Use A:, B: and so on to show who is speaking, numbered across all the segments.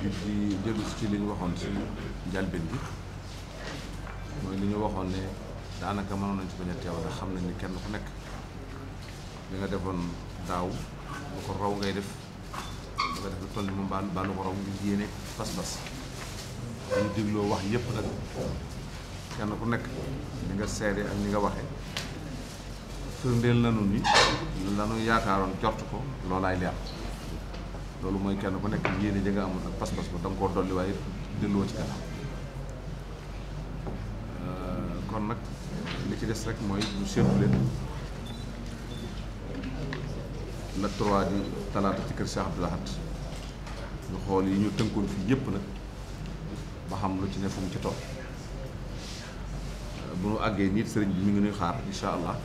A: di dellu si ci liñ waxoon si njalbin bi mooy li ñu waxoon ne daanaka mënoon nañ ci bañ a teew ndax xam nañ ni kenn ku nekk li nga defoon daaw lu ko raw ngay def lu nga def lu toll ni moom baa lu ko raw ngir yéene pas-pas ñu dégloo wax yépp nag kenn ku nekk li nga seede ak ni nga waxee firndeel nanu ni lanu yaakaaroon jort ko loolaay leer loolu mooy kenn ku nekk yéene ja nga amul ak pas-pas ba da nga koo dolli waaye delloo ci dara euh, kon nag li ci des rek mooy ñu seetlu leen la trois di talaata ci kër Cheikh Abdou Lahad xool yi ñu tënkoon fii yépp nag ba xam lu ci ne fu ci toll euh, bu nu àggee nit sëriñ bi mi ngi nuy xaar incha allah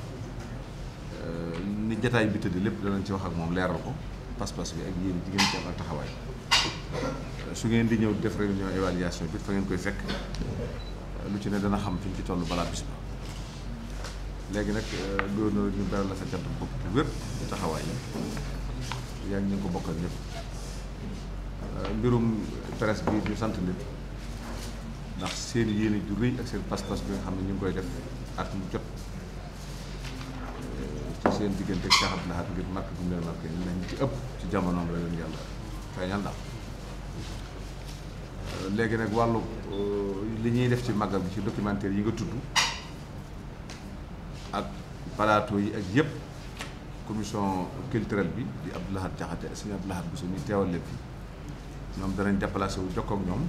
A: euh, ni jataay bi tëdd lépp danañ ci wax ak moom leeral ko pas-pas bi ak yéen di ngeen ci am ak taxawaay su ngeen di ñëw def réunion évaluation bi fa ngeen koy fekk lu ci ne dana xam fi ñu ci toll balaa bis ba léegi nag euh, gouverneur ñu beral la sa cant bopp bu wér ci taxawaay yaa ngi ñu ko bokkal ñépp euh, mbirum presse bi ñu sant nit ndax seen yéene ju rëy ak seen pas bi nga xam ne ñu ngi koy def at mu jot euh, ci seen diggante ak Cheikh Abdou Lahad ngir marque bu mu leen ñu ci ëpp jamonoom la leen yàlla feeñal daal euh, léegi nag wàllu euh, li ñuy def ci màggal bi ci documentaire yi nga tudd ak plateau yi ak yëpp commission culturelle bi di Abdoulahat Diakhaté sëñ Abdoulahat Bousso ñu teewal leen fi ñoom danañ déplacé wu jokkoo ak ñoom